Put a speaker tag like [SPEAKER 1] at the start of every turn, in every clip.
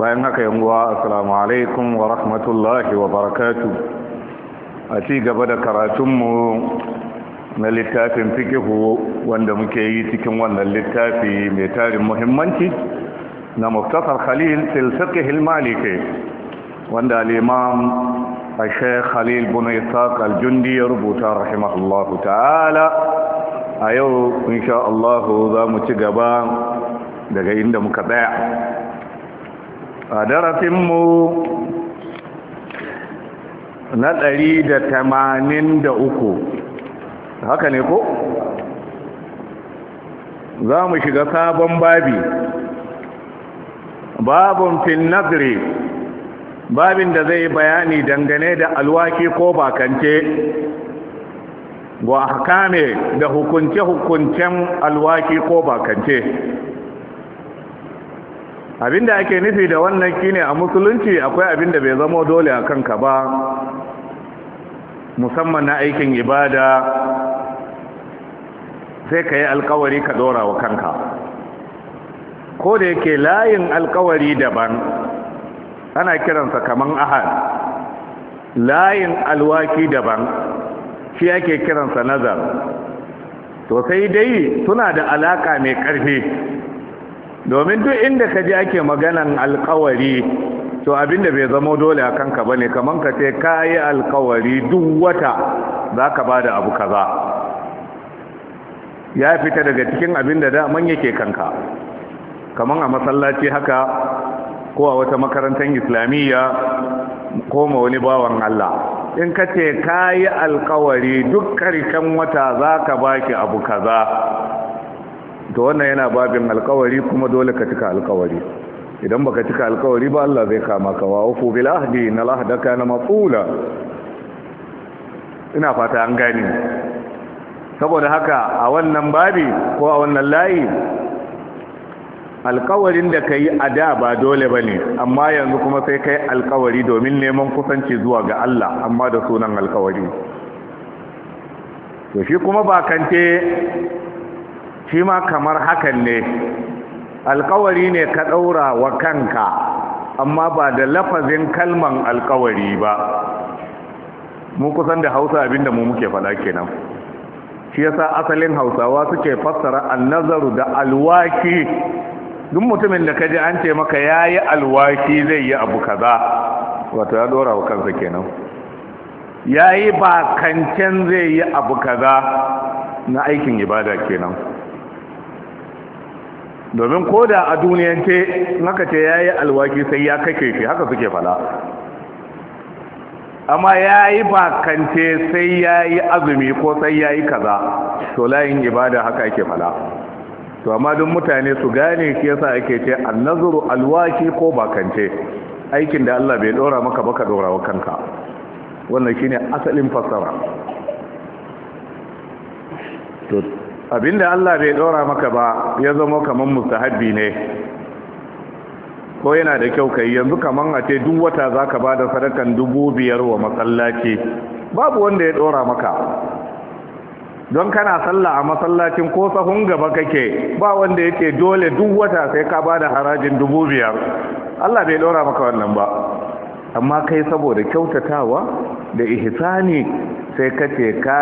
[SPEAKER 1] bayan haka yanguwa assalamu alaikum wa rahmatullahi wa barakatu a ci gaba da karatunmu na littafin fikihu wanda muke yi cikin wannan littafi mai tarin muhimmanci na muftasar khalil silfiqihil maliki wanda al-imam الشيخ خليل بن إساق الجندي يربط رحمه taala a yau, إن za mu ci gaba daga inda muka tsaya a mu na ɗari da tamanin da uku haka ne ko? za mu shiga sabon babi babin fin nazari babin da zai bayani dangane da alwaki ko bakance wa hakame da hukunce-hukuncen alwaki ko bakance abinda ake nufi da wannan kine, a musulunci akwai abinda bai zama dole a kanka ba musamman na aikin ibada sai ka yi alkawari ka dora wa kanka ko da yake layin alkawari daban ana kiransa kaman ahad layin alwaki daban shi ake kiransa nazar to sai dai suna da alaka mai ƙarfi domin duk inda ka ji ake maganan alkawari to abinda bai zama dole a kanka bane kaman ka ce ka yi alkawari duk wata za ka ba da abu kaza ya fita daga cikin abinda daman yake kanka kaman a masallaci haka ko a wata makarantar islamiyya ko ma wani bawan Allah in ka ce ka alkawari duk karshen wata za ka ba ki abu kaza to wannan yana babin alkawari kuma dole ka cika alkawari idan baka cika alkawari ba Allah zai kama ka wa uku bil ahdi na lahdaka na matsula ina fata an gani. saboda haka a wannan babi ko a wannan layi alkawarin da ka yi a da ba dole bane amma yanzu kuma sai kai alkawari domin neman kusanci zuwa ga Allah amma da sunan alkawari to shi kuma ba kante. shi ma kamar hakan ne alkawari ne ka ɗaura wa kanka amma ba da lafazin kalman alkawari ba mu kusan da hausa abinda mu muke faɗa kenan shi yasa asalin hausawa suke fassara annazaru da alwaki duk mutumin da kaji an ce maka yayi alwaki zai yi abu kaza wato ya dora wa kansa kenan yayi ba kancan zai yi abu kaza na aikin ibada kenan domin ko da a duniyance haka ce ya yi alwaki sai ya kake shi haka suke fala amma ya yi bakance sai ya yi azumi ko sai ya yi kaza to layin ibada haka ake fala to amma duk mutane su gane shi yasa ake ce annazuru alwaki ko bakance aikin da Allah bai dora maka baka dora wa kanka wannan shine asalin fassara to Abin da Allah bai dora maka ba ya zama kamar mustahabi ne ko yana da kyau kai yanzu kaman a ce duk wata zaka bada sadakan dubu biyar wa masallaci babu wanda ya dora maka don kana sallah a masallacin ko sahun gaba kake ba wanda yake dole duk wata sai ka bada harajin dubu biyar Allah bai dora maka wannan ba amma kai saboda kyautatawa da ihsani sai ka ce ka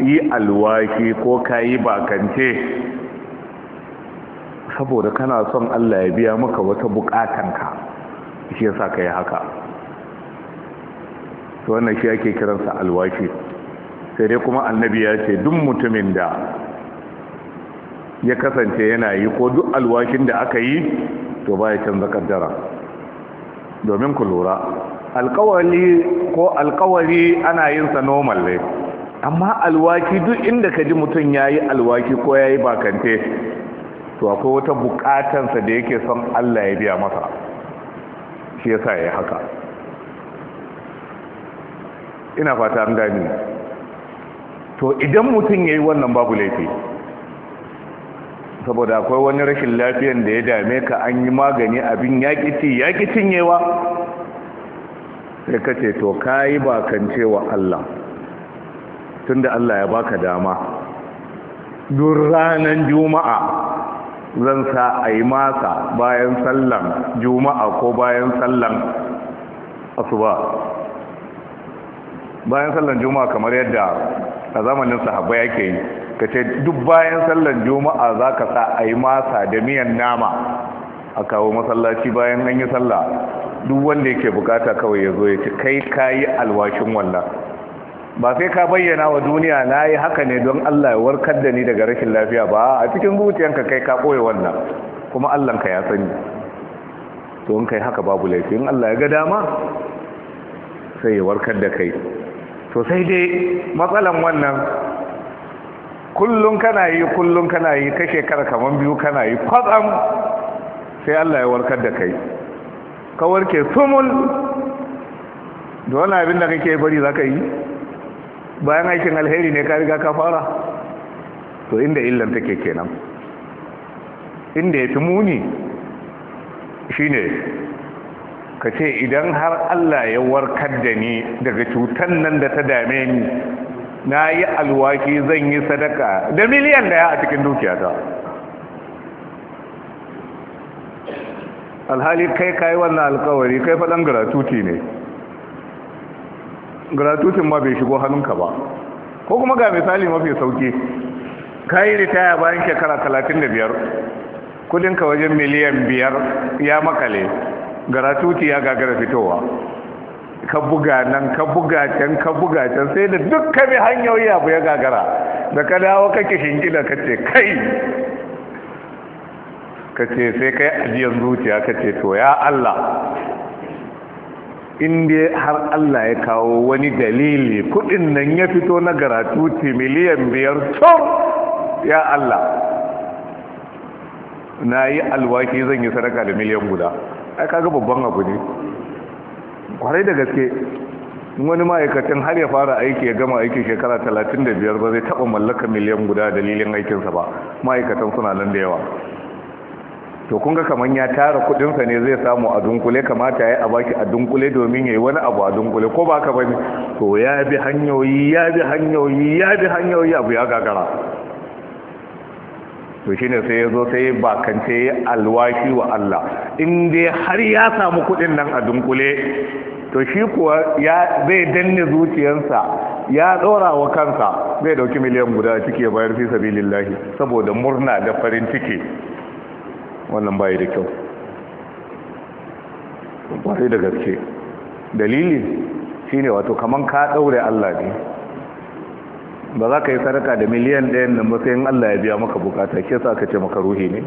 [SPEAKER 1] yi alwashi ko ka yi bakance saboda kana son Allah ya biya maka wata bukatanka shi yasa ka yi haka to wannan shi ake kiransa alwashi sai dai kuma annabi ya ce duk mutumin da ya kasance yana yi ko duk alwashin da aka yi to ba ya canza kaddara domin ku lura alkawari ko alkawari ana yin sa normal ne amma alwaki duk inda ka ji mutum yayi alwaki ko yayi yi bakante to akwai wata sa da yake son Allah ya biya masa shi ya sa haka ina fata an gani to idan mutum yayi wannan babu laifi saboda akwai wani rashin lafiyan da ya dame ka an yi magani abin yaƙi ci yaƙi cinyewa sai ka ce to ka yi bakance wa Allah tunda Allah ya baka dama Don ranar juma'a zan sa a yi masa bayan sallan juma'a ko bayan sallan asuba bayan sallan juma'a kamar yadda a zamanin sahabba yake yi ka ce duk bayan sallan juma'a za ka sa a yi masa da miyan nama a kawo masallaci bayan an yi sallah duk wanda yake bukata kawai ya zo ya ce kai kayi alwashin wannan ba sai ka bayyana wa duniya na yi haka ne don Allah ya warkar da ni daga rashin lafiya ba a cikin zuciyanka kai ka koya wannan kuma Allahnka ya sani to in kai haka babu laifi in Allah ya ga dama sai ya warkar da kai to sai dai matsalan wannan kullum kana yi kullum kana yi ta shekara kamar biyu kana yi kwatsam sai Allah ya warkar da kai Kawar ke tumul, da wani abin da kake bari za ka yi bayan aikin alheri ne ka riga ka fara to inda illan take kenan inda ya fi muni shine ka ce idan har Allah ya warkar da ni daga cutan nan da ta dame ni na yi alwaki zan yi sadaka da miliyan daya a cikin dukiyata alhali kai kayi wannan alkawari kai faɗan gratuity ne gratuity ma bai shigo hannunka ba ko kuma ga misali mafi sauki kayi ritaya bayan shekara biyar. kudinka wajen miliyan biyar ya makale gratuity ya gagara fitowa ka buga nan ka buga can ka buga can sai da duk hanyoyi abu ya gagara da ka dawo kake shingida ka ce kai ka ce sai kai ajiyar zuciya ka ce to ya Allah inda har Allah ya kawo wani dalili kudin nan ya fito na garatuti miliyan biyar tun ya Allah na yi alwaki zan yi sadaka da miliyan guda ai kaga babban abu ne kwarai da gaske wani ma'aikacin har ya fara aiki ya gama aiki shekara talatin da biyar ba zai taba mallaka miliyan guda dalilin aikinsa ba ma'aikatan suna nan da yawa to kunga kamar ya tara kudinsa ne zai samu a dunkule kamata ya a a dunkule domin ya yi wani abu a dunkule ko ba ka ba ne to ya bi hanyoyi ya bi hanyoyi ya bi hanyoyi abu ya gagara to shi ne sai ya zo sai bakance ya alwashi wa Allah in dai har ya samu kudin nan a dunkule to shi kuwa ya zai danne zuciyarsa ya dora wa kansa zai dauki miliyan guda ciki ya bayar fi sabilillahi saboda murna da farin ciki wannan bayi da kyau bayi da gaske dalili shine wato kamar ka daure Allah ne ba za ka yi sadaka da miliyan ɗayan nan ba sai Allah ya biya maka bukata ke sa ka ce maka ruhi ne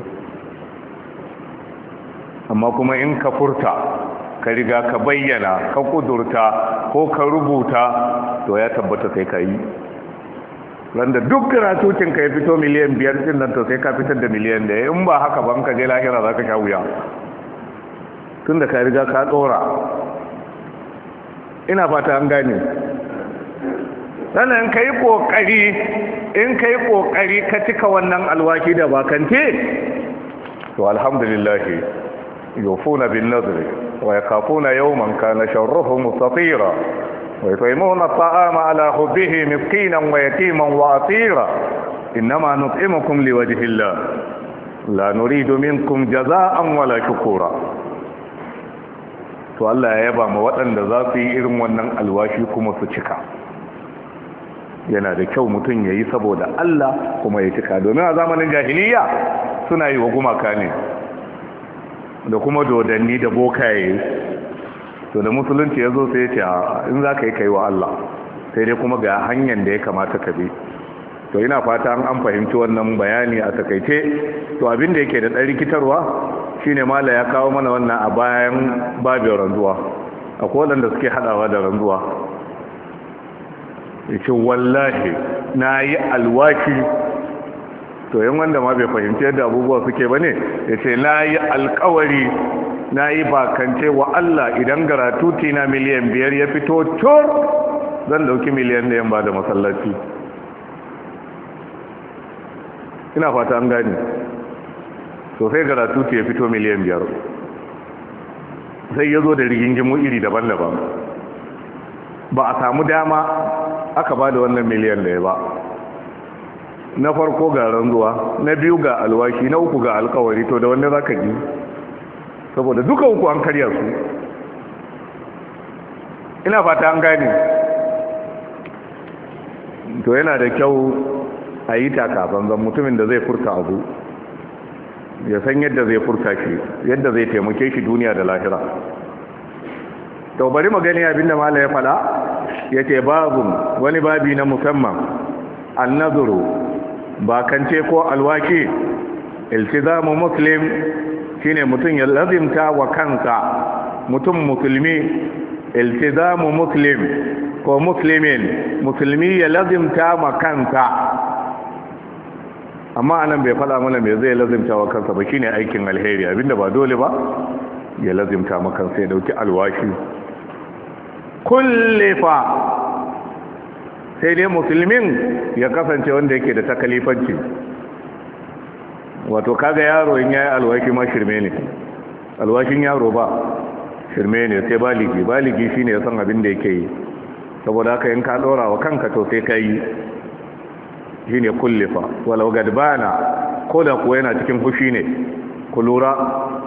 [SPEAKER 1] amma kuma in ka furta ka riga ka bayyana ka kudurta ko ka rubuta to ya tabbata sai ka yi wanda duk karatucin ka ya fito miliyan biyar din nan to sai ka fitar da miliyan daya in ba haka ban ka je lahira za ka sha wuya tun da ka riga ka tsora ina fata an gane sannan ka yi ƙoƙari in ka yi ƙoƙari ka cika wannan alwaki da bakante to alhamdulillahi yofuna bin nazari wa ya kafuna manka na sharruhu mustatira ويطعمون الطعام على حبه مسكينا ويتيما وعطيرا إنما نطعمكم لوجه الله لا نريد منكم جزاء ولا شكورا to Allah ya yaba ma waɗanda za su yi irin wannan alwashi kuma su cika yana da kyau mutum ya yi saboda Allah kuma ya cika domin a zamanin jahiliya suna yi wa gumaka ne da kuma dodanni da bokaye to da musulunci ya zo sai ya ce a in za ka yi kai wa Allah sai dai kuma ga hanyar da ya kamata ka bi to ina fata an fahimci wannan bayani a takaice to abin da yake da ɗan rikitarwa shine mala ya kawo mana wannan a bayan babin ranzuwa kodan da suke haɗawa da ranzuwa ce wallahi na yi alwaki to yin wanda ma bai fahimci yadda abubuwa suke ba ne ya ce na yi alkawari na yi bakance wa Allah idan garatuti na miliyan biyar ya fito cor zan dauki miliyan da yamba da masallaci ina fata an gani sosai garatuti ya fito miliyan biyar sai ya zo da rigingimu iri daban-daban ba a samu dama aka ba da wannan miliyan da ya ba na farko ga ranzuwa na biyu ga alwashi na uku ga alkawari to da wanda za ka ji saboda duka uku an karya su ina fata an gane to yana da kyau a yi takafan zan mutumin da zai furta abu ya san yadda zai furta shi yadda zai taimake shi duniya da lahira to bari magani abinda mala ya fada yake babu wani babi na musamman annazuru bakance ko alwaki iltizamu muslim shine mutum ya lazimta wa kansa mutum musulmi iltizamu muslim ko muslimin musulmi ya lazimta wa kansa amma anan bai fada mana me zai lazimta wa kansa ba shine aikin alheri abinda ba dole ba ya lazimta wa kansa ya dauki alwashi kullifa sai dai musulmin ya kasance wanda yake da takalifanci wato kaga yaro in yayi alwaki ma shirme ne alwakin yaro ba shirme ne sai baligi baligi shine ya san abin da yake yi saboda haka in ka dora wa kanka to sai kai shine kullifa walau gadbana ko da kuwa yana cikin fushi ne ku lura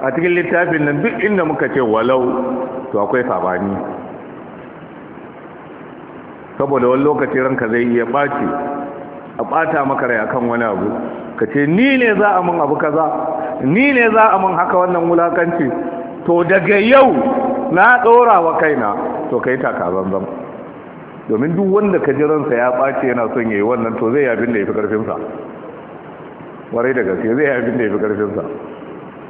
[SPEAKER 1] a cikin littafin nan duk inda muka ce walau to akwai sabani saboda wani lokaci ranka zai iya baci a ɓata maka rai akan wani abu ka ce ni ne za a mun abu kaza ni ne za a mun haka wannan wulakanci to daga yau na ɗora wa kaina to kai taka zanzan domin duk wanda ka ji ransa ya ɓace yana son yayi wannan to zai abin da ya fi ƙarfinsa warai da gaske zai abin da ya fi ƙarfinsa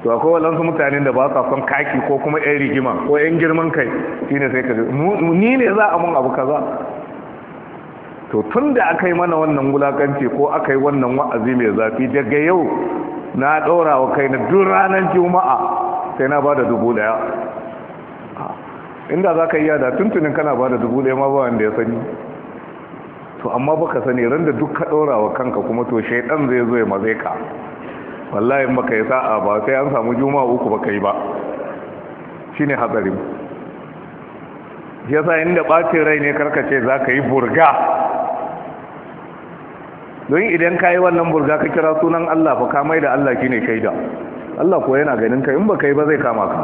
[SPEAKER 1] to akwai waɗansu mutanen da ba sa son kaki ko kuma 'yan rigima ko 'yan girman kai shine sai ka ni ne za a mun abu kaza to tun da aka yi mana wannan wulakanci ko aka yi wannan wa'azi mai zafi daga yau na ɗora wa kai na duk ranar juma'a sai na ba da dubu ɗaya inda za ka yi yada tuntunin kana ba da dubu ɗaya ma ba wanda ya sani to amma baka sani ran da duk ka ɗora wa kanka kuma to shaidan zai zo ya mazai ka wallahi in baka yi sa'a ba sai an samu juma'a uku baka yi ba shine hatsarin yasa inda ɓacin rai ne karkace za ka yi burga don idan ka yi wannan burga ka kira sunan Allah fa kamai da Allah shine shaida Allah ko yana ganin ka in ba kai ba zai kama ka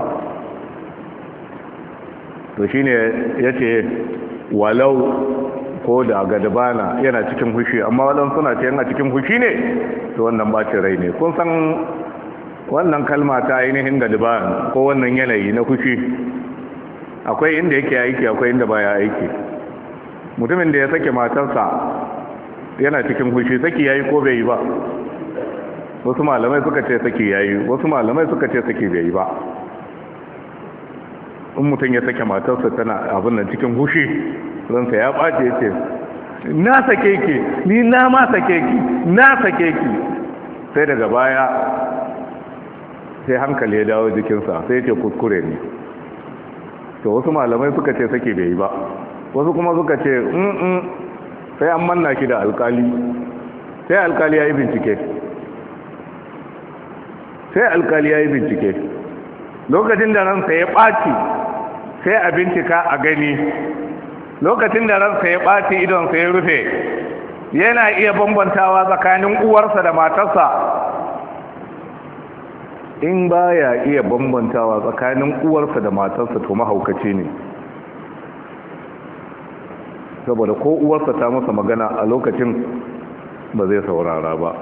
[SPEAKER 1] to shine yace walau ko da gadabana yana cikin hushi amma walau suna ce yana cikin hushi ne to wannan ce rai ne kun san wannan kalma ta ainihin gadabana ko wannan yanayi na hushi akwai inda yake aiki akwai inda baya aiki mutumin da ya sake matarsa yana cikin hushi saki yayi ko bai yi ba wasu malamai suka ce saki yayi wasu malamai suka ce saki bai yi ba in mutum ya sake matarsa tana abin nan cikin hushi ransa ya ɓace ya ce na sake ki ni na ma sake ki na sake ki sai daga baya sai hankali ya dawo jikinsa sai ce kuskure ne to wasu malamai suka ce saki bai yi ba wasu kuma suka ce mm sai an manna ki da alkali sai alkali ya yi bincike sai alkali ya yi bincike lokacin da ransa ya ɓaci sai a bincika a gani lokacin da ransa ya ɓaci idonsa ya rufe yana iya bambantawa tsakanin uwarsa da matarsa in ba ya iya bambantawa tsakanin uwarsa da matarsa to mahaukaci ne saboda ko uwarsa ta masa magana a lokacin ba zai saurara ba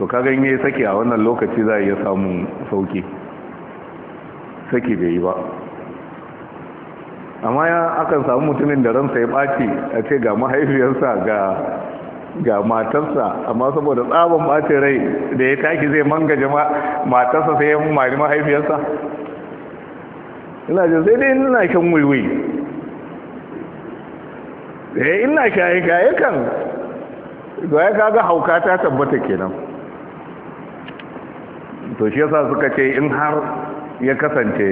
[SPEAKER 1] to kaga in yayi saki a wannan lokaci za a iya samun sauki saki bai yi ba amma ya akan samu mutumin da ransa ya ɓaci a ce ga mahaifiyarsa ga ga matarsa amma saboda tsaban ɓacin rai da ya taki zai manga jama'a matarsa sai ya mari mahaifiyarsa ina jin sai dai ina shan wuiwui eh ina shaye-shaye kan kaga hauka ta tabbata kenan to shi yasa suka ce in har ya kasance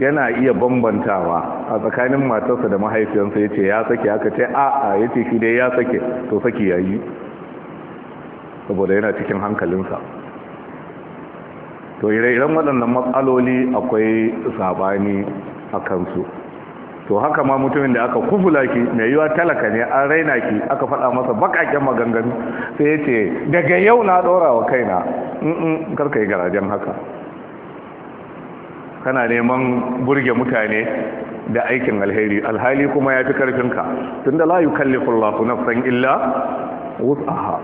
[SPEAKER 1] yana iya bambantawa a tsakanin matarsa da mahaifiyarsa yace ce ya sake aka ce a'a ya ce shi dai ya sake to saki ya saboda yana cikin hankalinsa to ire-iren waɗannan matsaloli akwai sabani a kansu to haka ma mutumin da aka kufula ki mai yiwa talaka ne an raina ki aka faɗa masa bakakken maganganu sai ya ce daga yau na ɗora wa kaina in karka yi garajen haka kana neman burge mutane da aikin alheri alhali kuma ya fi ƙarfinka. tun da layu na san illa wus'aha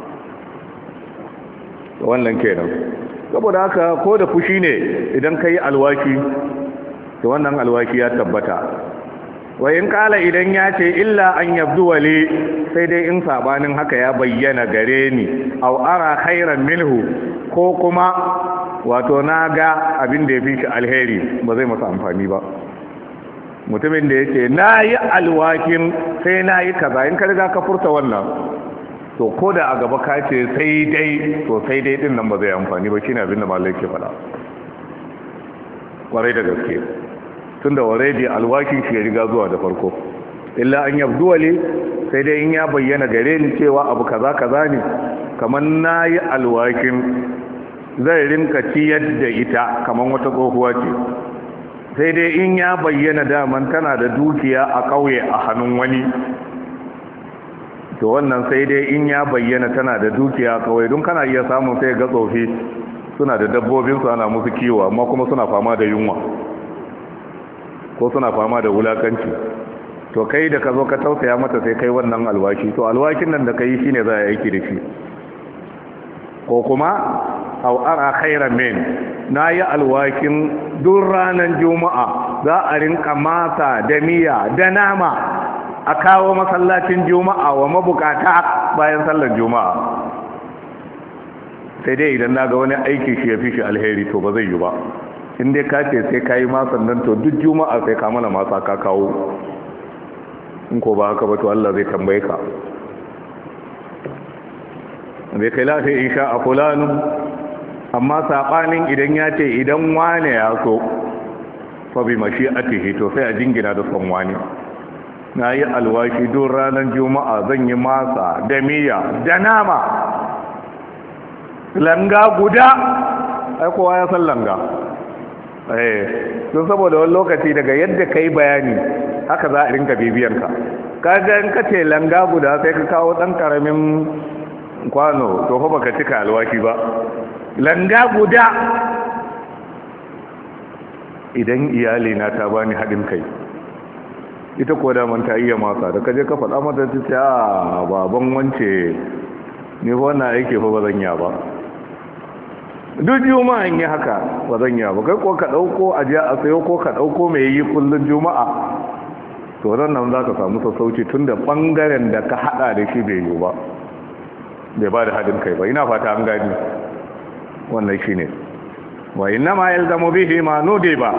[SPEAKER 1] wannan kenan saboda haka ko da fushi ne idan ka yi alwaki wannan alwaki ya tabbata wa in kala idan ya ce illa an yabdu wale sai dai in sabanin haka ya bayyana gare ni au ara khairan minhu ko kuma wato naga ga abin da ya alheri ba zai masa amfani ba mutumin da yake na yi alwakin sai na yi kaza in ka riga ka furta wannan to ko a gaba ka ce sai dai to sai dai din nan ba zai amfani ba shine abin da malai ke faɗa kwarai da gaske tun da waredi alwakin shi ya riga zuwa da farko illa an yabdu wali sai dai in ya bayyana gare ni cewa abu kaza kaza ne kamar nayi alwakin zai rinka ciyar da ita kamar wata tsohuwa ce sai dai in ya bayyana daman tana da dukiya a kauye a hannun wani to wannan sai dai in ya bayyana tana da dukiya kawai don kana iya samun sai ga tsofi suna da dabbobinsu ana musu kiwo amma kuma suna fama da yunwa ko suna fama da wulakanci to kai da ka zo ka tausaya mata sai kai wannan alwashi to alwashin nan da ka yi shi ne za a aiki da shi ko kuma a ara khairan min na yi alwashin duk ranar juma'a za a rinka masa da miya da nama a kawo masallacin juma'a wa mabukata bayan sallar juma'a sai dai idan na ga wani aiki shi ya fi shi alheri to ba zai yi ba in dai ka ce sai ka yi masan nan to duk juma'a sai ka mana masa ka kawo in ko ba haka ba to Allah zai tambaye ka bai kai lafi isha a fulani amma saɓanin idan ya ce idan wane ya so fabi mashi a tishi to sai a jingina da son wane na yi alwashi don ranar juma'a zan yi masa da miya da nama langa guda aikowa ya san langa Eh, don saboda wani lokaci daga yadda ka bayani haka za a rinka bibiyanka kaga in ka ce langa guda sai ka kawo ɗan ƙaramin kwano to fa baka cika alwaki ba langa guda idan iyali na ta bani haɗin kai ita ko da manta ta iya masa da kaje ka faɗa mata ta ce a ah, baban wance ne wannan yake fa bazan ya ba duk juma'a in yi haka ba zan yi ba kai ko ka ɗauko a jiya a sayo ko ka ɗauko mai yi kullum juma'a to nan za ka samu sassauci tun da ɓangaren da ka haɗa da shi bai yi ba bai ba da haɗin kai ba ina fata an gani wannan shi ne wa inna ma yalzamu bihi ma nudi ba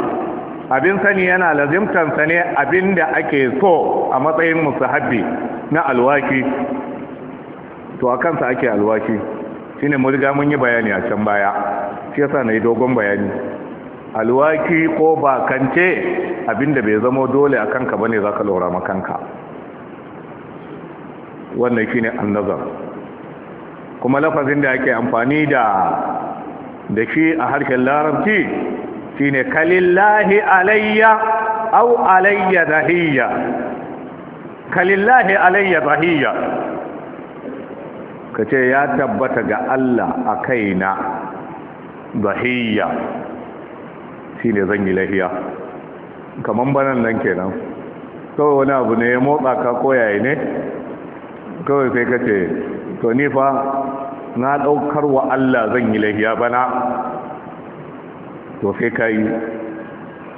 [SPEAKER 1] abin sani yana lazimtan ne abin da ake so a matsayin musahabi na alwaki to a kansa ake alwaki shine mun riga mun yi bayani a can baya shi yasa na yi dogon bayani alwaki ko bakance abinda bai zama dole a kanka bane za ka lura makanka wannan shi ne annazar kuma lafazin da ake amfani da da shi a harshen larabci shine kalillahi alayya au alayya zahiyya kalillahi alayya zahiyya ka ce ya tabbata ga Allah a kaina bahiyya shi ne zan yi lahiya kamar banan nan kenan kawai wani abu ne ya motsa ka koyaye ne kawai sai ka ce to ni na ɗaukar wa Allah zan yi lahiya bana to sai ka yi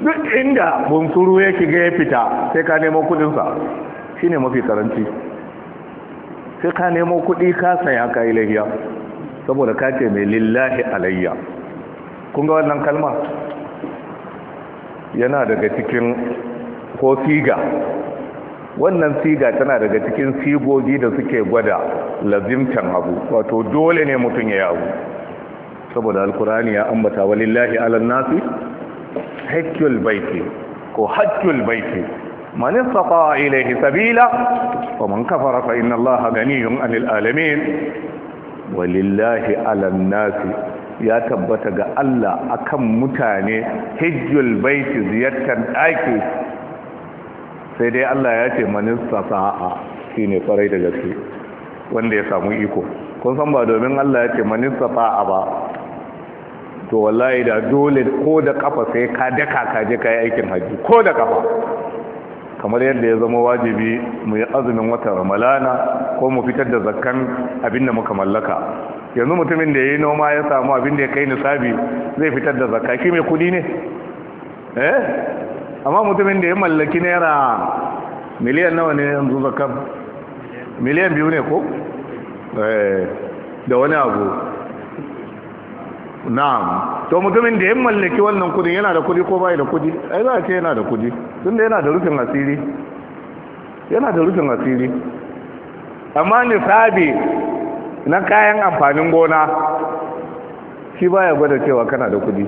[SPEAKER 1] duk inda bunsuru ya shiga ya fita sai ka nemo kudinsa shi ne mafi karanci sai ka nemo kuɗi ka saya ka yi lahiya saboda ka ce mai lillahi alayya kun ga wannan kalma yana daga cikin ko siga wannan siga tana daga cikin sigogi da suke gwada lazimtan abu wato dole ne mutum ya yawo saboda alkurani ya ambata wa lillahi nasi hakkyul baiti ko hakkyul baiti من استطاع sabila سبيلا ومن كفر فإن الله غني عن العالمين ولله على الناس ya tabbata ga Allah akan mutane hijjul baiti ziyartar ɗaki sai dai Allah ya ce manista sa'a shine farai da gaske wanda ya samu iko kun san ba domin Allah ya ce manista sa'a ba to wallahi da dole ko da ƙafa sai ka daka ka je kai aikin hajji ko da kafa kamar yadda ya zama wajibi mu yi azumin watan ramalana ko mu fitar da zakkan abinda muka mallaka yanzu mutumin da ya yi noma ya samu abin da ya kai nisabi zai fitar da zakka shi mai kudi ne eh amma mutumin da ya mallaki naira miliyan nawa ne yanzu zakkan miliyan biyu ne ko eh da wani abu na'am to mutumin da ya mallaki wannan kudi yana da kudi ko bai da kudi ai za a ce yana da kudi da yana da rufin asiri yana da rufin asiri amma nisabi na kayan amfanin gona shi baya gwada cewa kana da kudi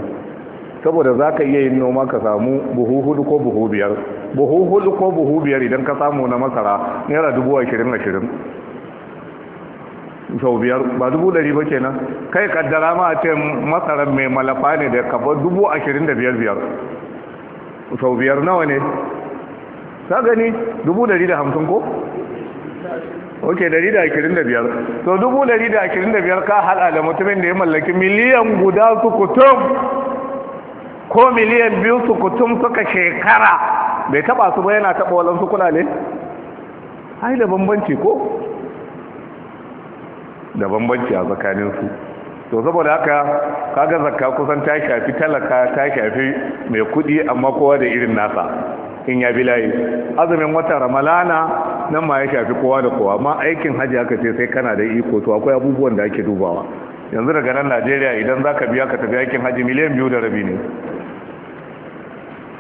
[SPEAKER 1] saboda za ka iya yin noma ka samu buhu hudu ko buhu biyar buhu hudu ko buhu biyar idan ka samu na masara naira dubu ashirin ashirin sau biyar ba dubu dari ba kenan kai kaddara ma a ce masarar mai malafa ne da kafa dubu ashirin da biyar biyar sau biyar nawa ne ta gani dubu dari da hamsin ko? ok dari da ashirin da biyar to dubu dari da ashirin da biyar ka hada da mutumin da ya mallaki miliyan guda su kutum ko miliyan biyu su kutum suka shekara bai taɓa su ba yana taɓa walansu ne? ai da bambanci ko da bambanci a tsakaninsu to saboda haka kaga zakka kusan ta shafi talaka ta shafi mai kudi amma kowa da irin nasa in ya bilaye azumin watan ramalana nan ma ya shafi kowa da kowa amma aikin hajji aka ce sai kana da iko to akwai abubuwan da ake dubawa yanzu daga nan najeriya idan za ka biya ka tafi aikin hajji miliyan biyu da rabi ne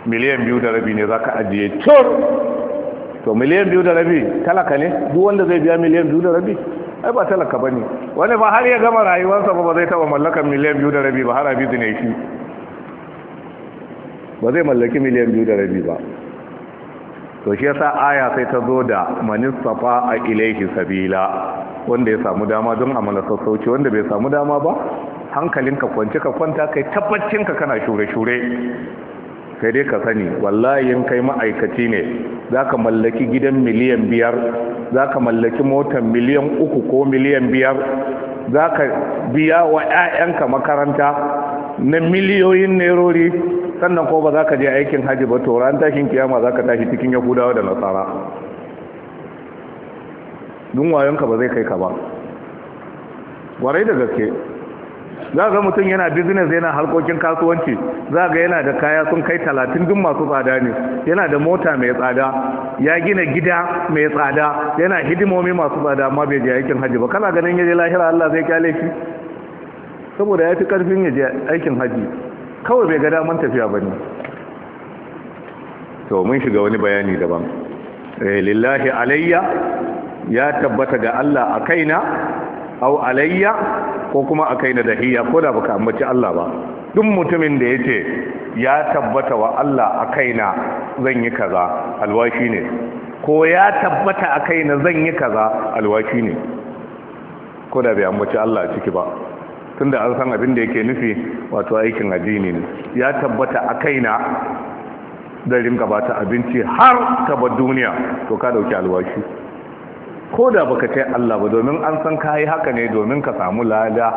[SPEAKER 1] miliyan biyu da rabi ne za ka ajiye to miliyan biyu da rabi talaka ne duk wanda zai biya miliyan biyu da rabi ai ba talaka bane wani ba har ya gama rayuwarsa ba ba zai taba mallakan miliyan biyu da rabi ba har abizu ne shi ba zai mallaki miliyan biyu da rabi ba to shi yasa aya sai ta zo da manistafa a ilaihi sabila wanda ya samu dama don amala sassauci wanda bai samu dama ba hankalinka kwance ka kwanta kai tabbacin ka kana shure-shure sai dai ka sani wallahi in kai ma'aikaci ne za ka mallaki gidan miliyan biyar za ka mallaki motar miliyan uku ko miliyan biyar za ka biya wa 'ya'yanka makaranta na miliyoyin nerori sannan ko ba za ka je aikin hajji ba to ran tashin kiyama za ka tashi cikin yahudawa da nasara dun wayonka ba zai kai ka ba warai da gaske za ga mutum yana business yana harkokin kasuwanci za ga yana da kaya sun kai talatin duk masu tsada ne yana da mota mai tsada ya gina gida mai tsada yana hidimomi masu tsada amma bai je aikin hajji ba kana ganin yaje lahira Allah zai kyale shi saboda ya fi karfin yaje aikin hajji kawai bai ga daman tafiya bane to mun shiga wani bayani daban eh, lillahi alayya ya tabbata ga Allah a kaina au alayya ko kuma a kai na dahiya ko da baka ambaci Allah ba duk mutumin da ya ce ya tabbata wa Allah a kaina zan yi kaza alwashi ne ko ya tabbata a kaina zan yi kaza alwashi ne ko da bai ambaci Allah a ciki ba tunda an san abin da yake nufi wato aikin addini ne ya tabbata a na zan rinka bata abinci har ta duniya to ka dauki alwashi ko da baka ce Allah ba domin an san yi haka ne domin ka samu lada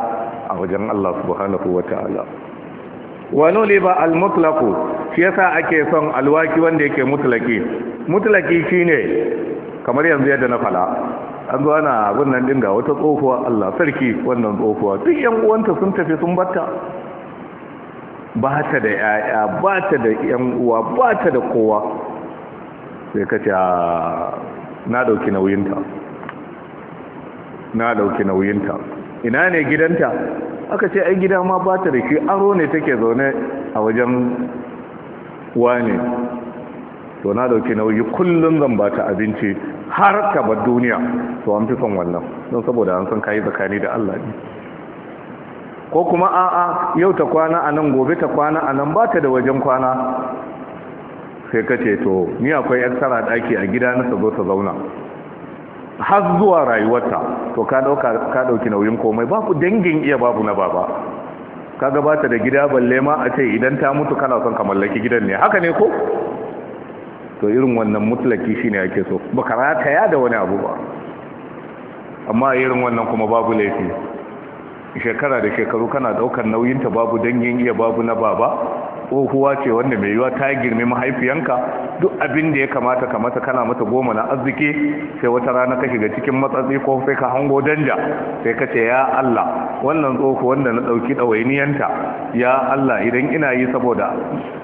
[SPEAKER 1] a wajen Allah subhanahu wataala wano ne ba al shi yasa ake son alwaki wanda yake mutlaki mutlaki shine kamar yanzu yadda na fala an zo ana abin nan dinga wata tsohuwa Allah sarki wannan tsohuwa duk yan uwanta sun tafi sun batta ba ta da yaya ba ta da yan uwa ba ta da kowa sai ka ah, na dauki nauyinta na dauki nauyinta ina ne gidanta aka ce ai gida ma ba ta da aro ne take zaune a wajen wane to na dauki nauyi kullum zan ba ta abinci har ta bar duniya to an fi son wannan don saboda an san kayi tsakani da Allah ne ko kuma a'a yau ta kwana a nan gobe ta kwana a nan ba ta da wajen kwana sai ka ce to ni akwai yan tsara daki a gida na ta zo ta zauna har zuwa rayuwarta to ka dauka dauki nauyin komai babu dangin iya babu na baba ka gabata da gida balle ma a ce idan ta mutu kana son ka mallaki gidan ne haka ne ko to irin wannan mutlaki shine ake so baka rataya da wani abu ba amma irin wannan kuma babu laifi shekara da shekaru kana daukar nauyinta babu dangin iya babu na baba tsohuwa ce wanda mai yiwa ta girme mahaifiyanka duk abin da ya kamata ka kamata kana mata goma na arziki sai wata rana ka shiga cikin matsatsi ko sai ka hango danja sai ka ce ya Allah wannan tsoho wanda na dauki dawainiyanta ya Allah idan ina yi saboda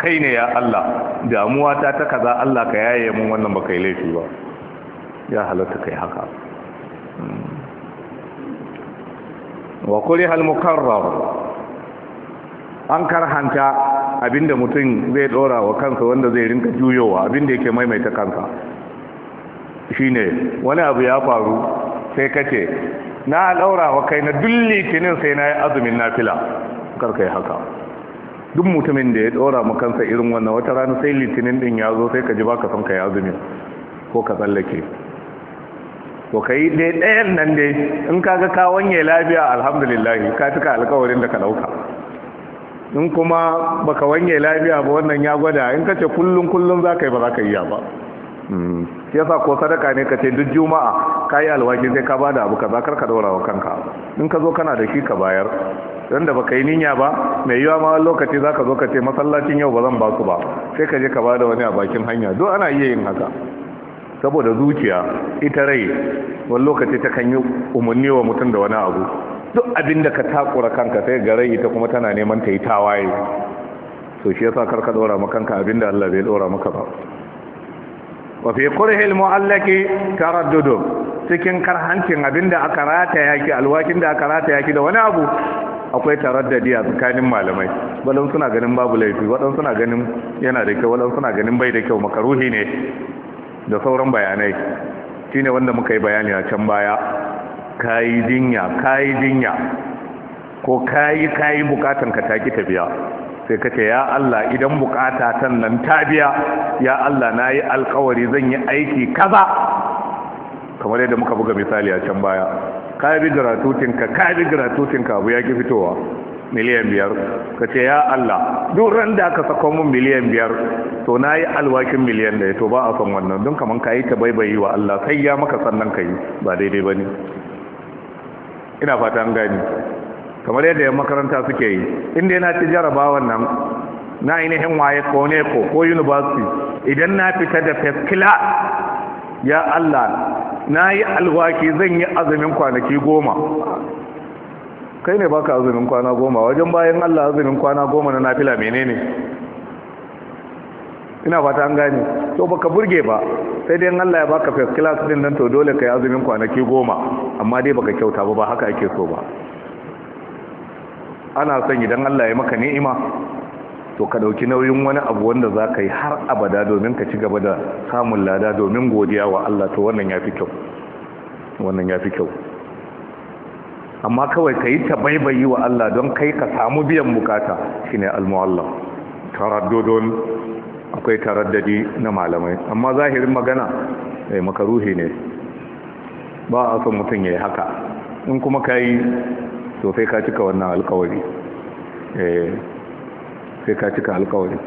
[SPEAKER 1] kai ne ya Allah damuwa ta ta kaza Allah ka yaye mun wannan baka yi laifi ba ya halatta kai haka hmm. wa hal mukarrar an karhanta abinda mutum zai dora wa kansa wanda zai rinka juyowa abinda yake maimaita kansa shine wani abu ya faru sai kace na alaura wa kaina duk litinin sai na yi azumin nafila karkai haka duk mutumin da ya dora mu kansa irin wannan wata rana sai litinin din ya zo sai ka ji baka son ka yi azumin ko ka tsallake to ka yi dai ɗayan nan dai in ka ga ka wanye lafiya alhamdulillah ka cika alkawarin da ka ɗauka in kuma ba ka wanye lafiya ba wannan ya gwada in ka ce kullum kullum za ka yi ba za ka yi ba hmm. shi yasa ko sadaka ne ka ce duk juma'a ka yi alwaki sai ka ba da abu ka kar ka daura wa kanka in ka zo kana da shi ka bayar dan da ka yi niyya ba mai yiwa ma lokaci za ka zo ka ce masallacin yau ba zan ba su ba sai ka je ka bada wani a bakin hanya duk ana iya yin haka saboda zuciya ita rai wani lokaci ta kan yi umarni wa mutum da wani abu duk abin da ka takura kanka sai ga rai ita kuma tana neman ta yi tawaye So shi yasa karka dora maka kanka abin da Allah bai dora maka ba wa fi qurhil mu'allaqi taraddud cikin karhancin abin da aka rataya ki alwakin da aka rataya ki da wani abu akwai taraddadi a tsakanin malamai wadan suna ganin babu laifi wadan suna ganin yana da kyau wadan suna ganin bai da kyau makaruhi ne da sauran bayanai shi ne wanda muka yi bayani a can baya kayi jinya kayi jinya ko kayi kayi bukatan ka taki tafiya sai kace ya Allah idan bukata tan nan ta biya ya Allah nayi alkawari zan yi aiki kaza kamar yadda muka buga misali a can baya ka bi gratutin ka ka bi gratutin ka abu ya ki fitowa miliyan biyar ka ce ya Allah duk randa da aka sako mun miliyan biyar to na yi alwakin miliyan ya to ba a son wannan don kamar ka yi ta baibayi wa Allah sai ya maka sannan ka yi ba daidai ba ne ina fata an gani kamar yadda yan makaranta suke yi inda yana ci jarabawan nan na ainihin waye ko ne ko ko university idan na fita da first class ya Allah na yi alwaki zan yi azumin kwanaki goma kai ne baka azumin kwana goma wajen bayan Allah azumin kwana goma na nafila menene ina fata an gane to baka burge ba sai dai Allah ya baka first class din nan to dole kai azumin kwanaki goma amma dai baka kyauta ba ba haka ake so ba ana son idan Allah ya maka ni'ima to ka dauki nauyin wani abu wanda zaka yi har abada domin ka ci gaba da samun lada domin godiya wa Allah to wannan yafi kyau wannan ya kyau amma kawai ka yi ta baibayi wa Allah don kai ka samu biyan bukata shine ne almuwallah taraddudun akwai taraddadi na malamai amma zahirin magana mai eh, makaruhi ne ba a son mutum ya yi haka in kuma yi to sai ka cika wannan alƙawari eh, sai ka cika alƙawari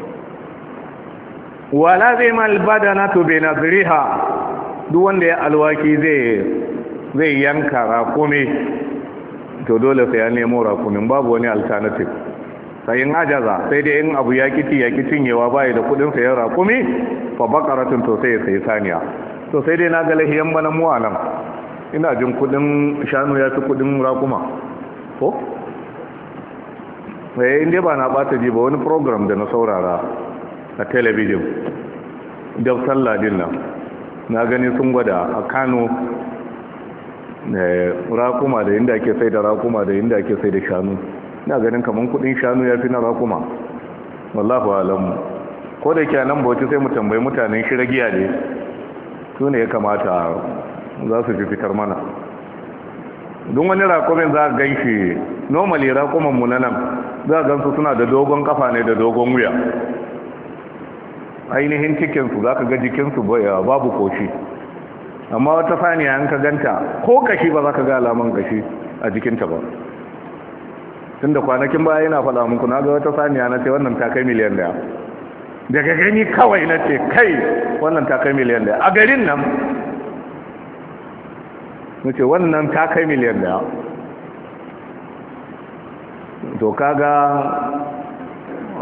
[SPEAKER 1] wala zai ma malbadana to bai ha duk wanda ya alwaki zai zai yanka rakumi to dole sai ya nemo rakumin babu wani alternative sai in ajaza sai dai in abu ya kiti ya kicin yawa bai da kudin sayan rakumi fa bakaratun to sai sai saniya to sai dai na ga lahiyan bana mu anan ina jin kudin shanu ya fi kudin rakuma ko sai eh, in dai ba na bata ji ba wani program da na saurara a television da sallah din nan na gani sun gwada a Kano Eh, rakuma da inda ake sai da rakuma da inda ake sai da shanu ina ganin kamar kudin shanu ya fi na rakuma wallahu alamu ko da kya nan bauchi sai mu tambayi mutanen shiragiya ne su ne ya kamata za su fi fitar mana don wani rakumin za a gan shi normally rakuman mu na nan za a gan su suna da dogon kafa ne da dogon wuya ainihin cikinsu za ka ga jikinsu babu koshi amma wata saniya an ka ganta ko kashi ba za ka ga alaman kashi a jikinta ba tun da kwanakin baya yana faɗa muku na ga wata saniya na ce wannan ta kai miliyan daya daga gani kawai na ce kai wannan ta kai miliyan daya a garin nan na ce wannan ta kai miliyan daya to kaga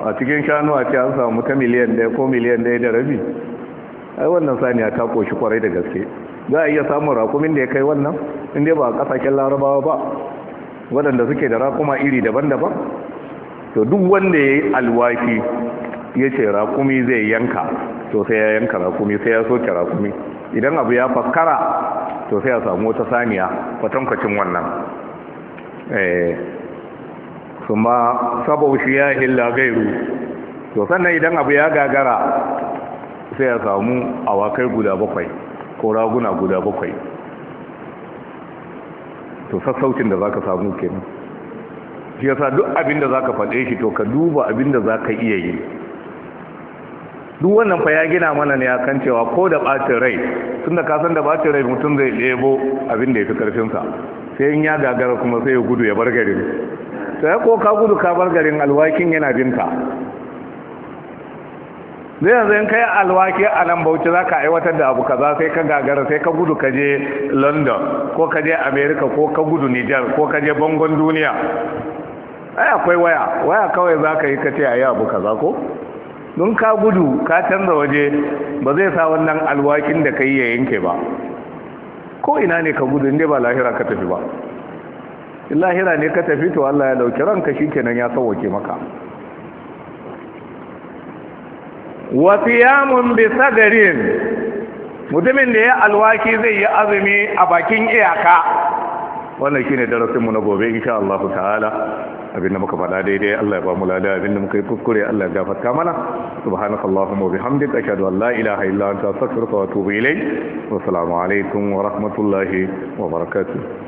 [SPEAKER 1] a cikin shanu a ce an samu ta miliyan daya ko miliyan daya da rabi ai wannan saniya ta koshi kwarai da gaske za a iya samun rakumin da ya kai wannan inda ba a kasashen larabawa ba waɗanda suke da rakuma iri daban-daban to duk wanda ya yi alwaki ya ce rakumi zai yanka to sai ya yanka rakumi sai ya soke rakumi idan abu ya fakara to sai ya samu wata saniya kwatankwacin wannan kuma eh, sabau shi ya illa gairu to sannan idan abu ya gagara sai ya samu awakai guda bakwai ko raguna guda bakwai to sassaucin da za ka samu kenan shi yasa duk abin da za ka faɗe shi to ka duba abin da za ka iya yi duk wannan fa ya gina mana ne akan cewa ko da ɓacin rai tunda ka san da ɓacin rai mutum zai ɗebo abin da ya fi ƙarfinsa sai in ya gagara kuma sai ya gudu ya bar garin sai ko ka gudu ka bar garin alwakin yana binta. zai yanzu yin kai alwaki a nan bauchi za ka aiwatar da abu kaza sai ka gagara sai ka gudu ka je london ko ka je america ko ka gudu niger ko ka je bangon duniya ai akwai waya waya kawai za ka yi kace ayi a yi abu kaza ko don ka gudu ka canza waje ba zai sa wannan alwakin da ka yi ya yanke ba ko ina ne ka gudu inda ba lahira ka tafi ba lahira ne ka tafi to allah ya dauki ranka shikenan ya sauwake maka wa siyamun bi sadarin mutumin da ya alwaki zai yi azumi a bakin iyaka wannan shine darasin mu na gobe insha Allah ta'ala abin da muka faɗa daidai Allah ya ba mu lada abin da muka yi kuskure Allah ya gafarta mana subhanakallahumma wa bihamdika ashhadu an la ilaha illa anta astaghfiruka wa atubu ilayk wa assalamu alaikum wa rahmatullahi wa barakatuh